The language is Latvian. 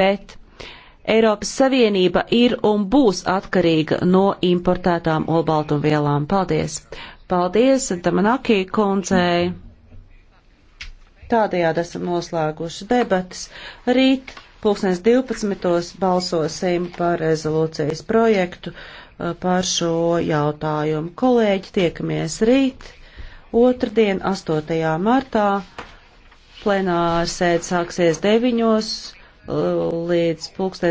bet Eiropas Savienība ir un būs atkarīga no importētām olbaltumvielām. Paldies! Paldies, Damanakī kundzei! Tādējādi esam noslēguši debatas. Rīt pulkstens 12. balsosim par rezolūcijas projektu eh, par šo jautājumu. Kolēģi, tiekamies rīt, otrdien, 8. martā. Plenāra sēde sāksies 9 līdz pulkstē